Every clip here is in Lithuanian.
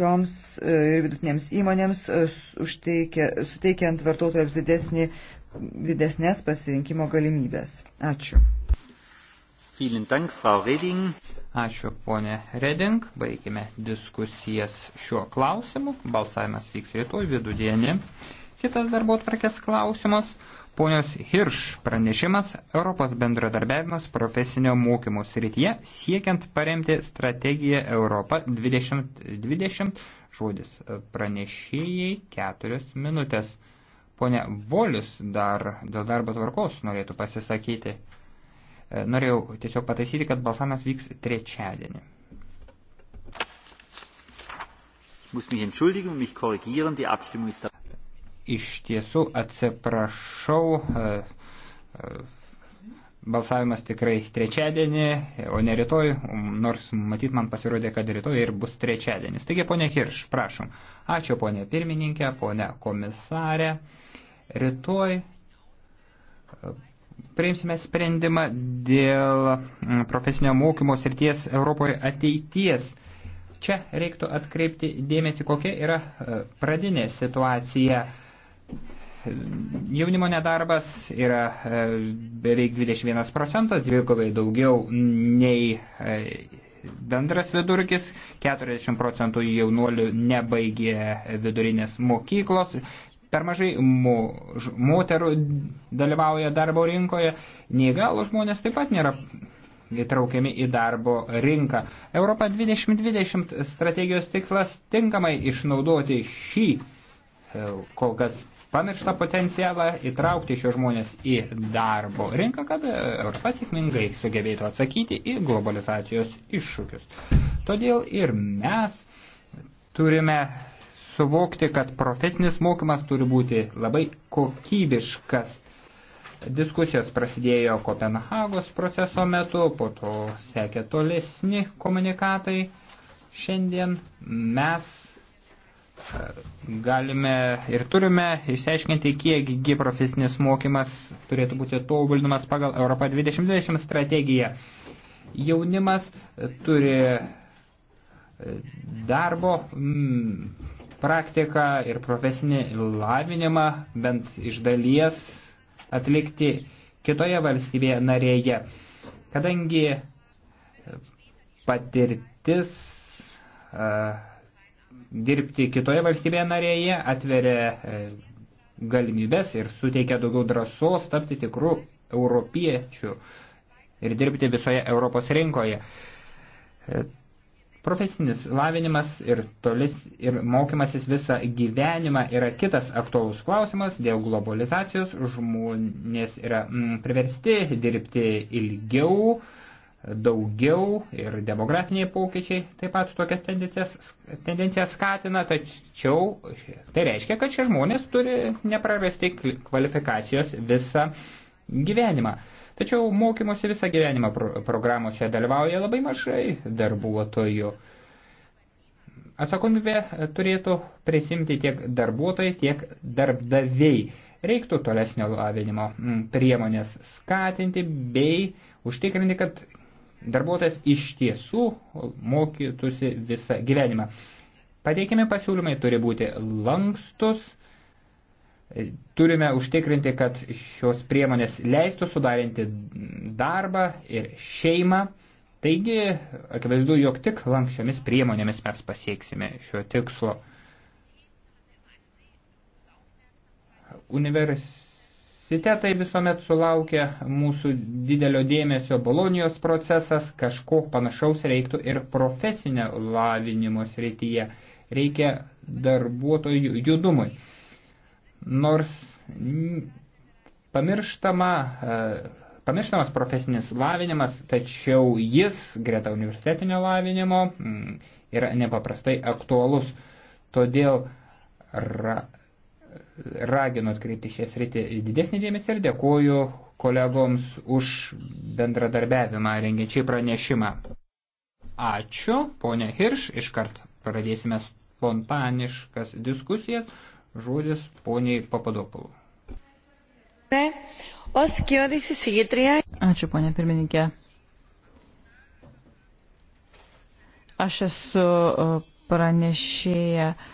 šioms e, ir vidutinėms įmonėms e, užteikia, suteikiant vartotojams didesnį, didesnės pasirinkimo galimybės. Ačiū. Dank, Frau Ačiū, ponė Reding. Baigime diskusijas šiuo klausimu. Balsavimas vyks rytoj vidudienį. Kitas darbo tvarkės klausimas. Ponios Hirš pranešimas Europos bendradarbiavimas profesinio mokymo srityje siekiant paremti strategiją Europa 2020 žodis e, pranešėjai keturios minutės. Pone Volis dar dėl darbo tvarkos norėtų pasisakyti. E, norėjau tiesiog pataisyti, kad balsavimas vyks trečiadienį. Muss mich entschuldigen und mich korrigieren, die Abstimmung ist da iš tiesų atsiprašau, e, e, balsavimas tikrai trečiadienį, o ne rytoj, nors matyt man pasirodė, kad rytoj ir bus trečiadienis. Taigi, ponė Hirš, prašom. Ačiū, ponė pirmininkė, ponė komisarė. Rytoj e, priimsime sprendimą dėl profesinio mokymo srities Europoje ateities. Čia reiktų atkreipti dėmesį, kokia yra pradinė situacija jaunimo nedarbas yra e, beveik 21 procentas, dvigubai daugiau nei e, bendras vidurkis, 40 procentų jaunuolių nebaigė vidurinės mokyklos, per mažai mo, moterų dalyvauja darbo rinkoje, neįgalų žmonės taip pat nėra įtraukiami į darbo rinką. Europa 2020 strategijos tikslas tinkamai išnaudoti šį e, kol kas pamirštą potencialą įtraukti šios žmonės į darbo rinką, kad e, Europa sėkmingai sugebėtų atsakyti į globalizacijos iššūkius. Todėl ir mes turime suvokti, kad profesinis mokymas turi būti labai kokybiškas. Diskusijos prasidėjo Kopenhagos proceso metu, po to sekė tolesni komunikatai. Šiandien mes galime ir turime išsiaiškinti, kiekgi profesinis mokymas turėtų būti tobulinamas pagal Europą 2020 strategiją. Jaunimas turi e, darbo praktiką ir profesinį lavinimą bent iš dalies atlikti kitoje valstybėje narėje, kadangi e, patirtis uh, dirbti kitoje valstybėje narėje atveria e, galimybės ir suteikia daugiau drąsos tapti tikrų europiečių ir dirbti visoje Europos rinkoje. E, profesinis lavinimas ir, tolis, ir mokymasis visą gyvenimą yra kitas aktuolus klausimas. Dėl globalizacijos žmonės yra mm, priversti dirbti ilgiau, uh, daugiau ir demografiniai pokyčiai taip pat tokias tendencijas, tendencijas skatina, tačiau tai reiškia, kad šie žmonės turi neprarasti kvalifikacijos visą gyvenimą. Tačiau mokymosi visą gyvenimą pro programos čia dalyvauja labai mažai darbuotojų. Atsakomybę turėtų prisimti tiek darbuotojai, tiek darbdaviai. Reiktų tolesnio lavinimo priemonės skatinti bei užtikrinti, kad darbuotojas iš tiesų mokytųsi visą gyvenimą. Pateikiami pasiūlymai turi būti lankstus, turime užtikrinti, kad šios priemonės leistų sudarinti darbą ir šeimą. Taigi, akivaizdu, jog tik lankščiomis priemonėmis mes pasieksime šio tikslo. Univers universitetai visuomet sulaukia mūsų didelio dėmesio Bolonijos procesas, kažko panašaus reiktų ir profesinio lavinimo srityje. Reikia darbuotojų judumui. Nors pamirštama, e, pamirštamas profesinis lavinimas, tačiau jis greta universitetinio lavinimo mm, yra nepaprastai aktualus. Todėl ra, raginu atkreipti šią sritį didesnį dėmesį ir dėkuoju kolegoms už bendradarbiavimą rengiančiai pranešimą. Ačiū, ponė Hirš, iškart pradėsime spontaniškas diskusijas. Žodis poniai Papadopulų. Ačiū, ponė pirmininkė. Aš esu pranešėja uh,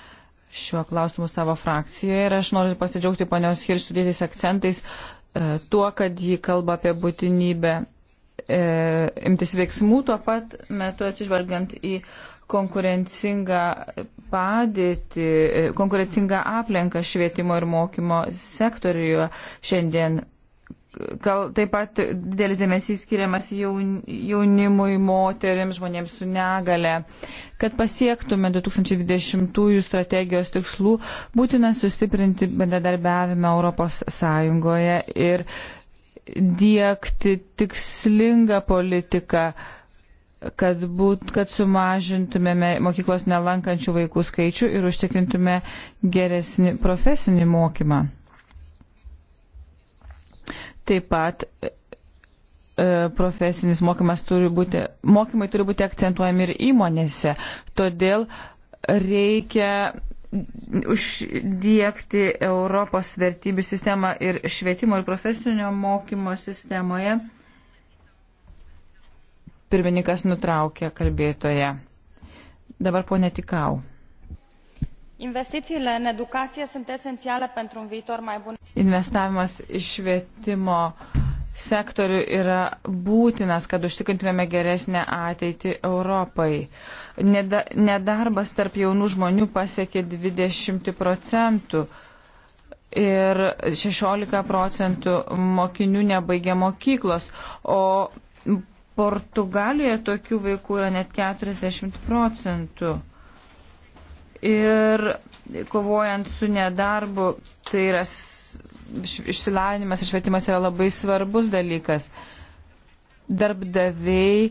šiuo klausimu savo frakcijoje ir aš noriu pasidžiaugti ponios Hirš sudėtais akcentais e, tuo, kad ji kalba apie būtinybę e, imtis veiksmų, tuo pat metu atsižvelgiant į konkurencingą padėtį, e, konkurencingą aplinką švietimo ir mokymo sektorijoje šiandien gal taip pat didelis dėmesys skiriamas jaunimui, moteriams, žmonėms su negale. Kad pasiektume 2020 strategijos tikslų, būtina sustiprinti bendradarbiavimą ES ir dėkti tikslingą politiką, kad, būt, kad sumažintumėme mokyklos nelankančių vaikų skaičių ir užtikrintume geresnį profesinį mokymą. Taip pat e, e, profesinis mokymas turi būti, mokymai turi būti akcentuojami ir įmonėse. Todėl reikia uždėkti Europos vertybių sistemą ir švietimo ir profesinio mokymo sistemoje. Pirmininkas nutraukė kalbėtoje. Dabar ponė Tikau. Investițiile în educație sunt esențiale pentru un viitor mai bun. Investavimas į švietimo sektorių yra būtinas, kad užtikrintumėme geresnę ateitį Europai. Nedarbas tarp jaunų žmonių pasiekė 20 procentų ir 16 procentų mokinių nebaigia mokyklos, o Portugalijoje tokių vaikų yra net 40 procentų ir kovojant su nedarbu, tai yra išsilavinimas ir švietimas yra labai svarbus dalykas. Darbdaviai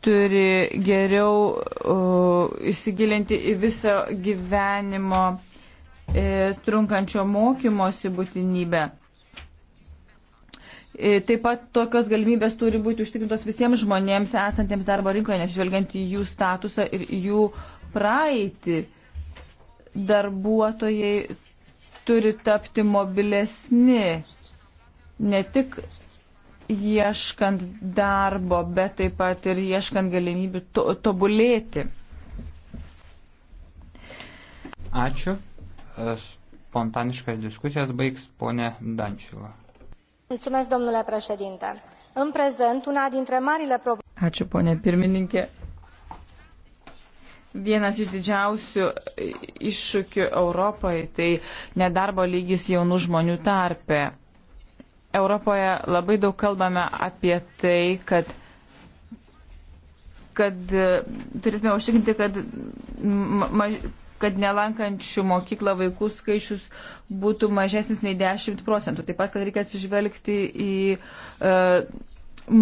turi geriau uh, įsigilinti į viso gyvenimo e, trunkančio mokymosi būtinybę. E, taip pat tokios galimybės turi būti užtikrintos visiems žmonėms esantiems darbo rinkoje, nes žvelgiant į jų statusą ir jų uh, praeitį. Darbuotojai turi tapti mobilesni, ne tik ieškant darbo, bet taip pat ir ieškant galimybių to, tobulėti. Ačiū. Spontaniškas diskusijas baigs ponė Dančiula. Mulțumesc, domnule președinte. În prezent, una dintre marile provocări. Ačiū, ponė pirmininkė vienas iš didžiausių iššūkių Europoje, tai nedarbo lygis jaunų žmonių tarpe. Europoje labai daug kalbame apie tai, kad kad e, turėtume užtikrinti, kad, maž, kad nelankančių mokyklą vaikų skaičius būtų mažesnis nei 10 procentų. Taip pat, kad reikia atsižvelgti į e,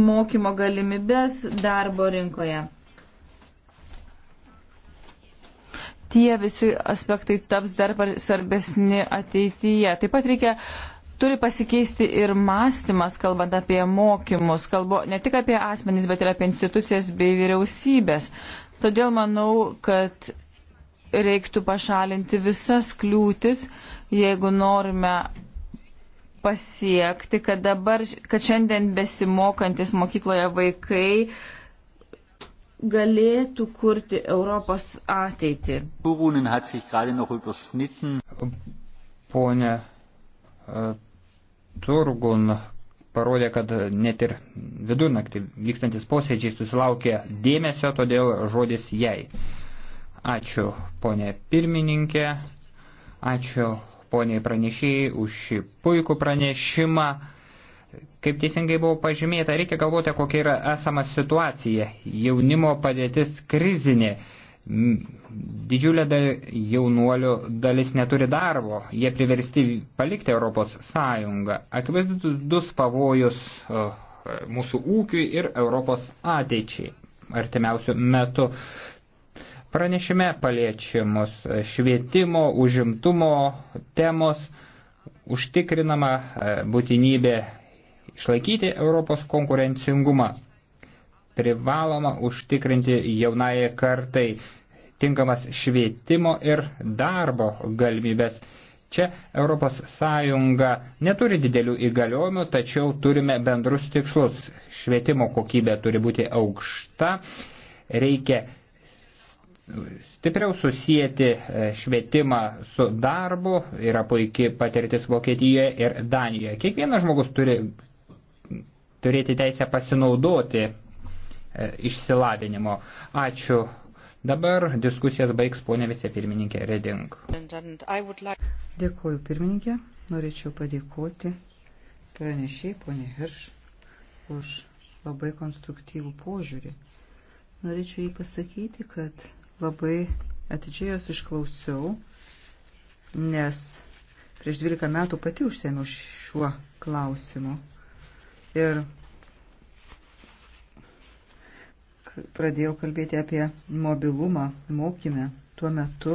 mokymo galimybės darbo rinkoje. tie visi aspektai taps dar svarbesni ateityje. Taip pat reikia, turi pasikeisti ir mąstymas, kalbant apie mokymus, kalbu ne tik apie asmenys, bet ir apie institucijas bei vyriausybės. Todėl manau, kad reiktų pašalinti visas kliūtis, jeigu norime pasiekti, kad dabar, kad šiandien besimokantis mokykloje vaikai uh, galėtų kurti Europos ateitį. Pone e, Turgun parodė, kad net ir vidurnaktį vykstantis posėdžiai susilaukė dėmesio, todėl žodis jai. Ačiū ponė pirmininkė, ačiū poniai pranešėjai už šį puikų pranešimą kaip teisingai buvo pažymėta, reikia galvoti, kokia yra esama situacija. Jaunimo padėtis krizinė. Didžiulė da, jaunuolių dalis neturi darbo, jie priversti palikti Europos Sąjungą. Akivaizdus pavojus mūsų ūkiui ir Europos ateičiai artimiausių metų. Pranešime paliečiamos švietimo, užimtumo temos, užtikrinama e, būtinybė Išlaikyti Europos konkurencingumą privaloma užtikrinti jaunai kartai tinkamas švietimo ir darbo galimybės. Čia ES neturi didelių įgaliojimų, tačiau turime bendrus tikslus. Švietimo kokybė turi būti aukšta, reikia stipriau susijęti e, švietimą su darbu, yra puikiai patirtis Vokietijoje ir Danijoje. Kiekvienas žmogus turi turėti teisę pasinaudoti e, išsilavinimo. Ačiū. Dabar diskusijas baigs ponė vicepirmininkė Reding. Dėkuoju pirmininkė. Norėčiau padėkoti pranešiai ponė Hirš už labai konstruktyvų požiūrį. Norėčiau jį pasakyti, kad labai atidžiai jos išklausiau, nes prieš 12 metų pati užsėmiau šiuo klausimu ir pradėjau kalbėti apie mobilumą mokymę. Tuo metu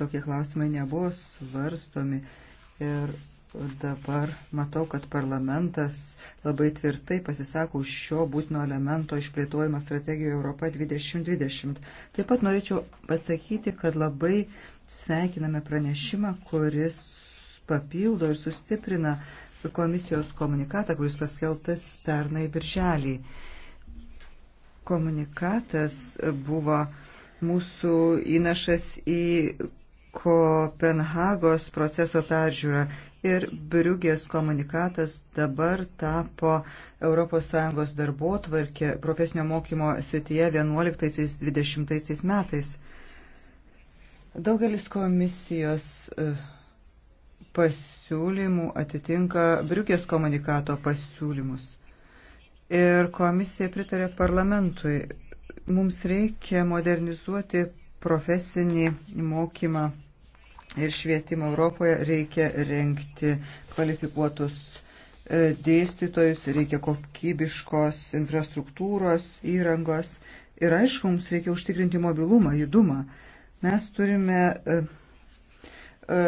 tokie klausimai nebuvo svarstomi ir dabar matau, kad parlamentas labai tvirtai pasisako už šio būtino elemento išplėtojimą strategijoje Europa 2020. Taip pat norėčiau pasakyti, kad labai sveikiname pranešimą, kuris papildo ir sustiprina uh, komisijos komunikatą, kuris paskeltas pernai birželį. Komunikatas buvo mūsų įnašas į Kopenhagos proceso peržiūrą ir Briugės komunikatas dabar tapo ES darbo tvarkė profesinio mokymo srityje 11-20 metais. Daugelis komisijos pasiūlymų atitinka Briukės komunikato pasiūlymus. Ir komisija pritarė parlamentui. Mums reikia modernizuoti profesinį mokymą ir švietimą Europoje, reikia renkti kvalifikuotus e, dėstytojus, reikia kokybiškos infrastruktūros, įrangos ir aišku, mums reikia užtikrinti mobilumą, judumą. Mes turime e, e,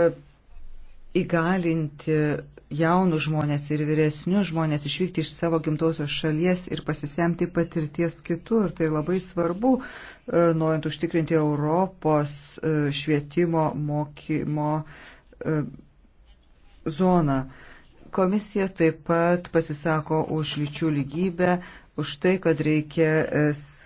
įgalinti jaunus žmonės ir vyresnius žmonės išvykti iš savo gimtosios šalies ir pasisemti patirties kitur. Tai labai svarbu, e, norint užtikrinti Europos e, švietimo mokymo e, zoną. Komisija taip pat pasisako už lyčių lygybę, už tai, kad reikia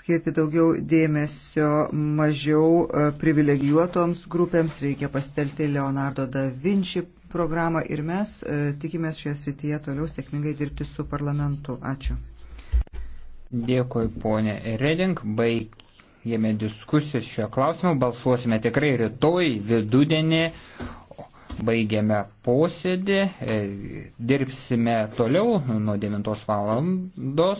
skirti daugiau dėmesio mažiau e, privilegijuotoms grupėms, reikia pasitelti Leonardo da Vinci programą ir mes e, tikimės šioje srityje toliau sėkmingai dirbti su parlamentu. Ačiū. Dėkui, ponė Reding. Baigėme diskusijas šio klausimu. Balsuosime tikrai rytoj vidudienį. Baigėme posėdį. E, dirbsime toliau nuo 9 valandos.